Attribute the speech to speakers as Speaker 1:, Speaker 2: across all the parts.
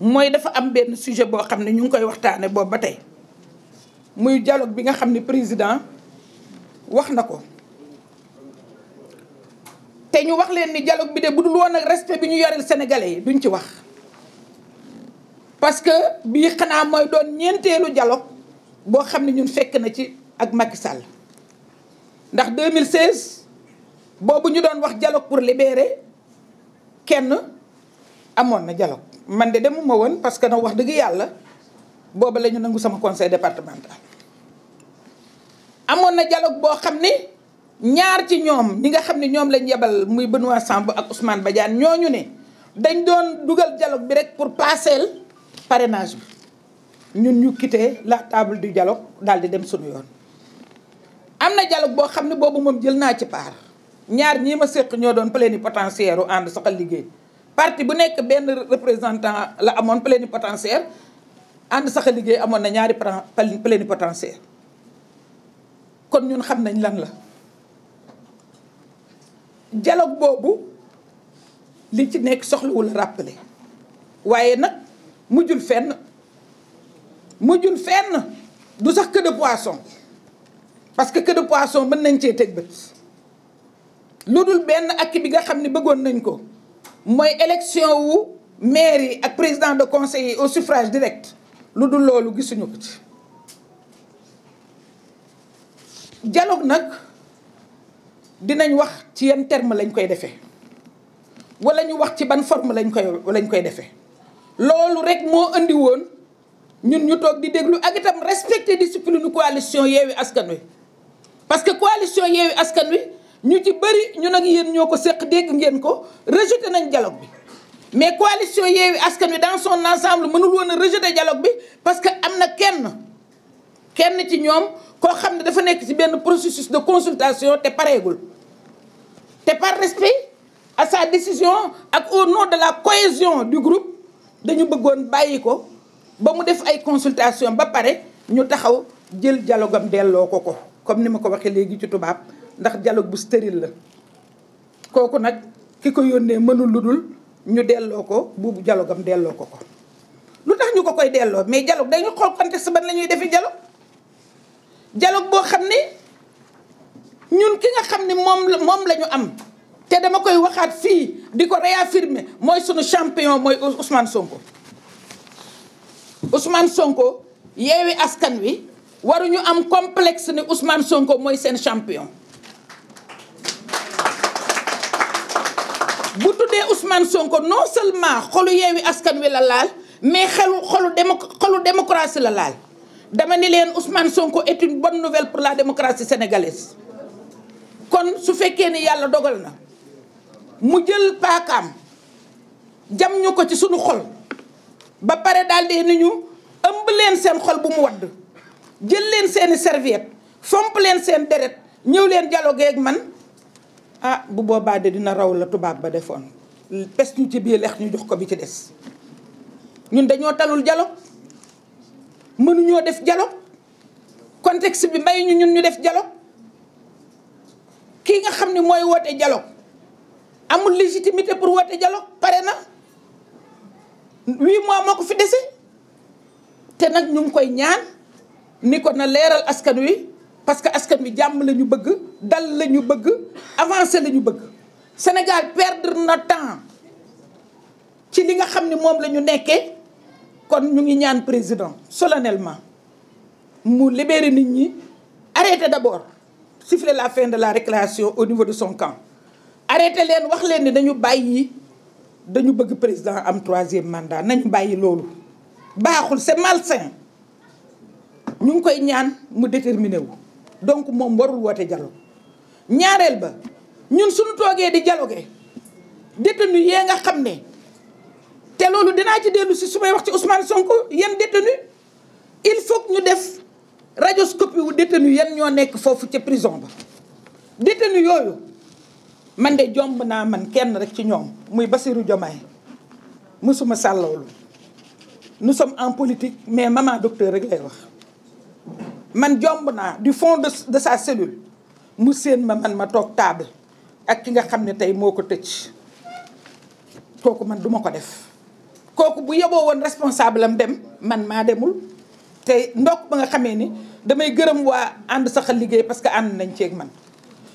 Speaker 1: mooy dafa am benn sujet boo xam ne ñu ngi koy waxtaane boobu ba tey muy dialogue bi nga xam ne président wax na ko te ñu wax leen ni dialogue bi de bu dul woon ak respect bi ñu yoreel sénégalais yi duñ ci wax parce que bii xanaa mooy doon ñeenteelu dialogue boo xam ne ñun fekk na ci ak Macky Sall ndax 2016 boobu ñu doon wax dialogue pour libérer kenn amoon na dialogue man de demuma woon parce que na wax dëgg yàlla booba la ñu nangu sama conseil départemental. amoon na dialogue boo xam ni ñaar ci ñoom ñi nga xam ne ñoom lañ yabal muy Benoît Sambou ak Ousmane Badiane ñooñu ne dañ doon dugal dialogue bi rek pour passer parenage bi ñun ñu quitté la table du dialogue daal di dem suñu yoon. am na dialogue boo xam ne boobu moom jël naa ci part ñaar ñii ma séq ñoo doon plénipotentiaire u ànd soxal liggéey. parti bu nekk benn représentant la amoon plénipotentiaire ànd sax a liggéey amoon na ñaari plénipotentiaire kon ñun xam nañ lan la dialogue boobu li ci nekk soxlawul rappeler waaye nag mujjul fenn mujjul fenn du sax queue de poisson parce que queue de poisson mën nañ cee teg ba lu dul benn akki bi nga xam ne bëggoon nañ ko mooy élection wu maire yi ak président de conseil au suffrage direct lu dul loolu gisuñu ko ci dialogue nag dinañ wax ci yan terme lañ koy defee walla ñu wax ci ban forme lañ koy lañ koy defee loolu rek moo indi woon ñun ñu toog di déglu ak itam respecter discipline coalition Yewwi Askan Wi parce que coalition Yewwi Askan Wi ñu ci bëri ñu nag yéen ñoo ko seq dégg ngeen ko rejeté nañ dialogue bi mais coalition Yewwi Askan Wi dans son ensemble mënul woon a rejeté dialogue bi parce que am na kenn kenn ci ñoom koo xam ne dafa nekk ci benn processus de consultation te pareegul te par respect à sa décision ak au nom de la cohésion du groupe dañu bëggoon bàyyi ko ba mu def ay consultation ba pare ñu taxaw jël dialogue delloo ko ko comme ni ma ko waxee léegi ci tubaab ndax dialogue bu stérile la kooku nag ki ko yónnee mënul lu dul ñu delloo ko buubu dialogue am delloo ko ko lu tax ñu ko koy delloo mais dialogue dañu xool contexte ban la ñuy defee dialogue dialogue boo xam ne ñun ki nga xam ne moom la moom la am te dama koy waxaat fii di ko réaffirmer mooy sunu champion mooy Ousmane Sonko Ousmane Sonko yeewi askan wi waruñu am complexe ni Ousmane Sonko mooy seen champion dee Ousmane Sonko non seulement xolu yeewi askan wi la laal mais xelu xolu démo xolu la laal dama ni leen Ousmane Sonko est une bonne nouvelle pour la démocratie sénégalaise kon su fekkee ni yàlla dogal na mu jël paakaam jam ñu ko ci suñu xol ba pare daal di ni ñu ëmb leen seen xol bu mu wadd jël leen seeni serviet fomp leen seen deret ñëw leen dialogue ak man ah bu boobaa de dina raw la tubaab ba defoon pes ñu ci biir lex ñu jox ko bi ci des ñun dañoo talul dialogue mënuñoo def dialogue contexte bi may ñun ñu def dialogue kii nga xam ni mooy woote dialogue amul légitimité pour woote dialogue pare na huit mois moo ko fi dese te nag ñu ngi koy ñaan ni ko na leeral askan wi parce que askan wi jàmm la ñu bëgg dal la ñu bëgg avancé la ñu bëgg Sénégal perdre na temps ci li nga xam ne moom la ñu nekkee kon ñu ngi ñaan président solennellement mu libérer nit ñi arrêter d'abord siffler la fin de la récréation au niveau de son camp arrêter leen wax leen ni dañu bàyyi dañu bëgg président am troisième mandat nañu bàyyi loolu baaxul c'est malsain ñu ngi koy ñaan mu déterminé wu donc moom warul woote dialogue ñaareel ba ñun suñu toogee di dialoguer détenu yee nga xam ne te loolu dinaa ci dellu si su may wax ci Ousmane Sonko yan détenu il faut ñu def radioscopie wu détenu yan ñoo nekk foofu ca prison ba détenu yooyu man de jomb naa man kenn rek ci ñoom muy Bassirou Diomaye musuma sàllawlu nu sommes en politique mais maman docteur rek lay wax man jomb naa du fond de mu séen ma man ma toog table ak ki nga xam ne tey moo ko tëj kooku man duma ko def kooku bu yeboo woon responsable am dem man maa demul te ndokk ba nga xamee ni damay gërëm waa ànd saxal liggéey parce que ànd nañ ceeg man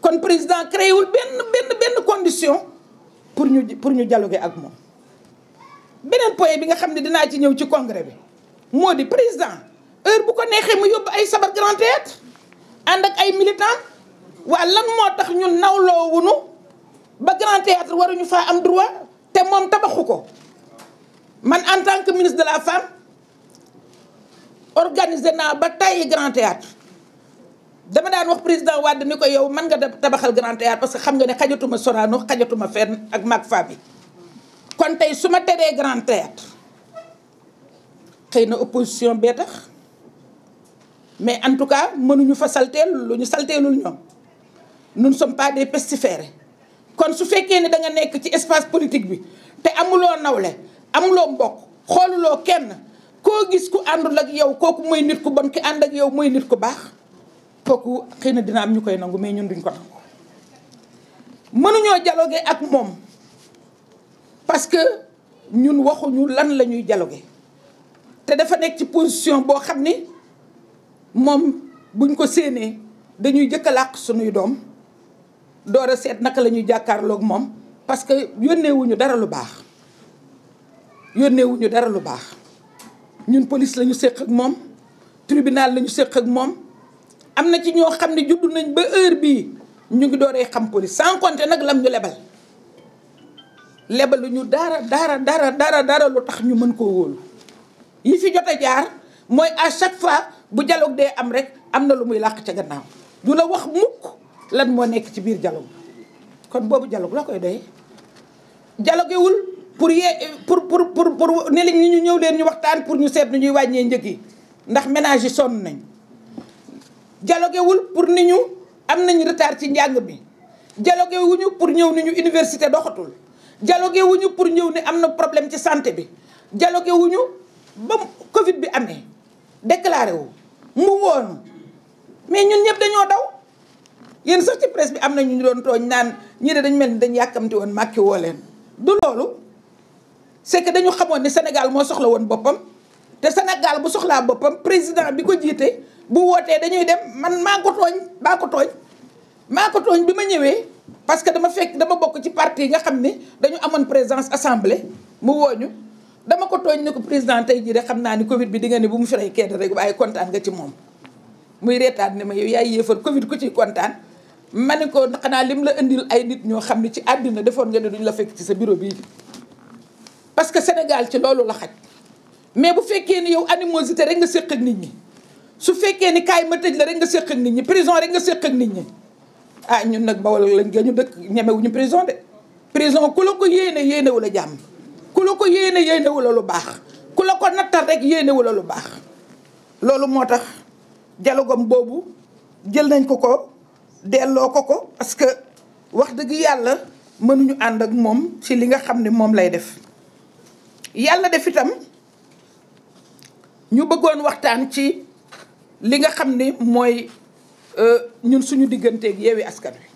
Speaker 1: kon président créé wul benn benn benn condition pour ñu pour ñu dialoguer ak moom beneen point bi nga xam ne dinaa ci ñëw ci congrès bi moo di président heure bu ko neexee mu yóbbu ay sabar grand théâtre ànd ak ay militants waa lan moo tax ñun nawloo wunu ba grand théâtre waruñu fa am droit te moom tabaxu ko man en tant que ministre de la femme organisé naa ba tey grand théâtre dama daan wax président Wade ni ko yow man nga tabaxal grand théâtre parce que xam nga ne xajatuma Sorano xajatuma fenn ak mag fa bi kon tey su ma teree grand théâtre xëy na opposition bee tax mais en tout cas mënuñu fa salteel lu ñu salteelul ñoom nun ne sommes pas kon su fekkee ne da nga nekk ci espace politique bi te amuloo nawle amuloo mbokk xooluloo kenn koo gis ku àndul ak yow kooku mooy nit ku bon ki ànd ak yow mooy nit ku baax kooku xëy na dina am ñu koy nangu mais ñun duñ ko nangu mënuñoo dialoguer ak moom parce que ñun waxuñu lan la ñuy dialoguer te dafa nekk ci position boo xam ni moom buñ ko séenee dañuy jëkk a làq sunuy doom door a seet naka la ñuy jàkkaarloog moom parce que yónneewuñu dara lu baax yónneewuñu dara lu baax ñun police lañu ñu ak moom tribunal lañu ñu ak moom am na ci ñoo xam ne juddu nañ ba heure bii ñu ngi dooree xam police sans compter nag lam ñu lebal lebaluñu dara dara dara dara dara lu tax ñu mën koo wóolu yi fi jot a jaar mooy à chaque fois bu dialogue dee am rek am na lu muy làq ca gannaaw du la wax mukk lan moo nekk ci biir dialogue kon boobu dialogue la koy doyee dialogue wul pour yee pour pour pour pour ne li ñu ñëw leen ñu waxtaan pour ñu seet nu ñuy wàññee njëg yi ndax ménage sonn nañ dialogue wul pour ni ñu am nañ retaar ci njàng bi dialogue wuñu pour ñëw ni université doxatul dialogue pour ñëw ni am na problème ci santé bi dialogue wuñu ba covid bi amee déclaré wu mu woonu mais ñun ñëpp dañoo daw yéen sax ci presse bi am na ñu doon tooñ naan ñii de dañ mel ni dañu yàkkamti woon màkki woo leen du loolu c'est que dañu xamoon ni Sénégal moo soxla woon boppam te Sénégal bu soxlaa boppam président bi ko jiite bu wootee dañuy dem man maa ko tooñ maa ko tooñ maa bi ma ñëwee parce que dama fekk dama bokk ci parti yi nga xam ni dañu amoon président assemblée mu wooñu dama ko tooñ ne ko président tey jii de xam naa ni Covid bi di nga ne bu mu fi rey kenn rek waaye kontaan nga ci moom muy reetaan ne ma yow yaay yéefar Covid ku ciy kontaan ma ne ko xanaa lim la indil ay nit ñoo xam ne ci àddina defoon nga ne duñ la fekk ci sa bureau bii parce que Sénégal ci loolu la xaj mais bu fekkee ni yow animosité rek nga séq ak nit ñi su fekkee ni kaay ma tëj la rek nga séq ak nit ñi prison rek nga séq ak nit ñi ah ñun nag Bawol lañ ga ñu dëkk ñemewuñu prison de prison ku la ko yéene yéenewu a jàmm ku la ko yéene yéenewu la lu baax ku la ko nattal rek yéenewu a lu baax loolu moo tax dialogue boobu jël nañ ko ko delloo ko ko parce que wax dëgg yàlla mënuñu ànd ak moom ci li nga xam ne moom lay def yàlla def itam ñu bëggoon waxtaan ci li nga xam ne mooy euh, ñun suñu digganteeg yeewi askan wi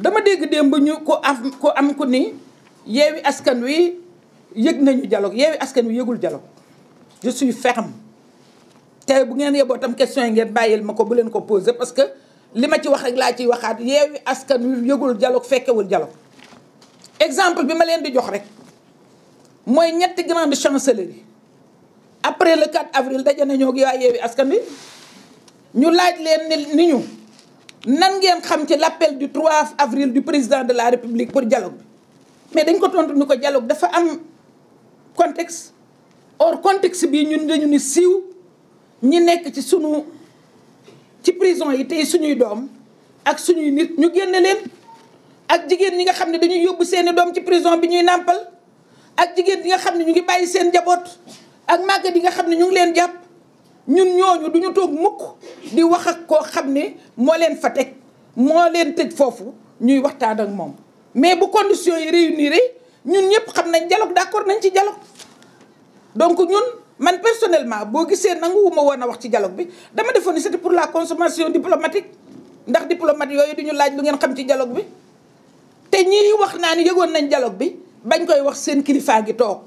Speaker 1: dama dégg démb ñu ko am ko am ku ni yeewi askan wi yëg nañu jaloo yeewi askan wi yëgul dialogue je suis ferme te bu ngeen yeboo tam question yi ngeen bàyyil ma ko bu leen ko poser parce que li ma ci wax rek laa ciy waxaat yeewi askan wi yëgul dialogue fekkewul dialogue exemple bi ma leen di jox rek mooy ñetti grande chancellerie yi après le 4 avril daje nañoo gi waa yeewi askan wi ñu laaj leen ni ñu nan ngeen xam ci l'appel du 3 avril du président de la république pour dialogue bi mais dañ ko tontu ni ko dialogue dafa am contexte or contexte bii ñun dañu ni siiw ñi nekk ci sunu ci prison yi tey suñuy doom ak suñuy nit ñu génn leen ak jigéen ñi nga xam ne dañuy yóbbu seeni doom ci prison bi ñuy nàmpal ak jigéen ñi nga xam ne ñu ngi bàyyi seen jaboot ak màggat yi nga xam ne ñu ngi leen jàpp ñun ñooñu duñu toog mukk di wax ak koo xam ne moo leen fa teg moo leen tëj foofu ñuy waxtaan ak moom mais bu conditions yi réunir ñun ñëpp xam nañ dialogue d'accord nañ ci dialogue donc ñun man personnellement boo gisee nanguwuma woon a wax ci dialogue bi dama defoon ni pour la consommation diplomatique ndax diplomate yooyu duñu laaj lu ngeen xam ci dialogue bi te ñii wax naa ni yëgoon nañ dialogue bi bañ koy wax seen kilifaa gi toog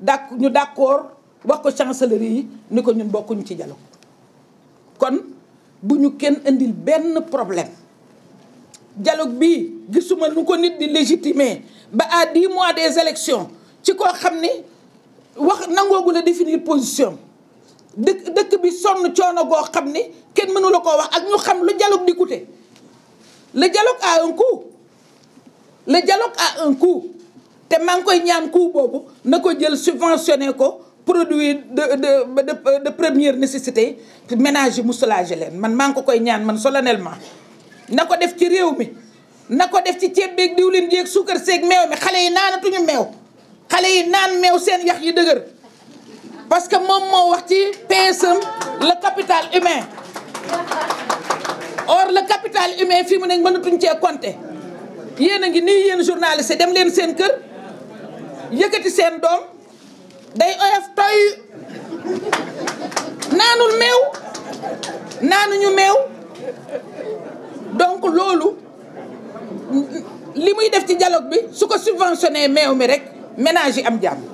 Speaker 1: dak ñu d'accord wax ko chancellerie yi ni ko ñun bokkuñ ci dialogue kon bu ñu kenn indil benn problème dialogue bi gisuma nu ko nit di légitimer ba à dix mois des élections ci koo xam ni wax nangoogu la définir position dëkk bi sonn coono goo xam ni kenn mënu la koo wax ak ñu xam lu dialogue di coûter le dialogue a un coût le dialogue a un coût te maa ngi koy ñaan coût boobu na ko jël subventionné ko produit de de de de première nécessité ménage yi mu soulager leen man maa ngi ko koy ñaan man solennellement na ko def ci réew mi na ko def ci ceeb beeg diwlin yeeg suukar seeg meew mi xale yi naanatuñu meew. xale yi naan meew seen yax yi dëgër parce que moom moo wax ci PSM le capital humain or la capital humain fii mu ne mënatuñ cee compter yéen a ngi nii yéen see dem leen seen kër yëkkati seen doom day oyof toy naanul meew naanuñu meew donc loolu li muy def ci jaloog bi su ko subventionné meew mi rek. ménage yi am jàmm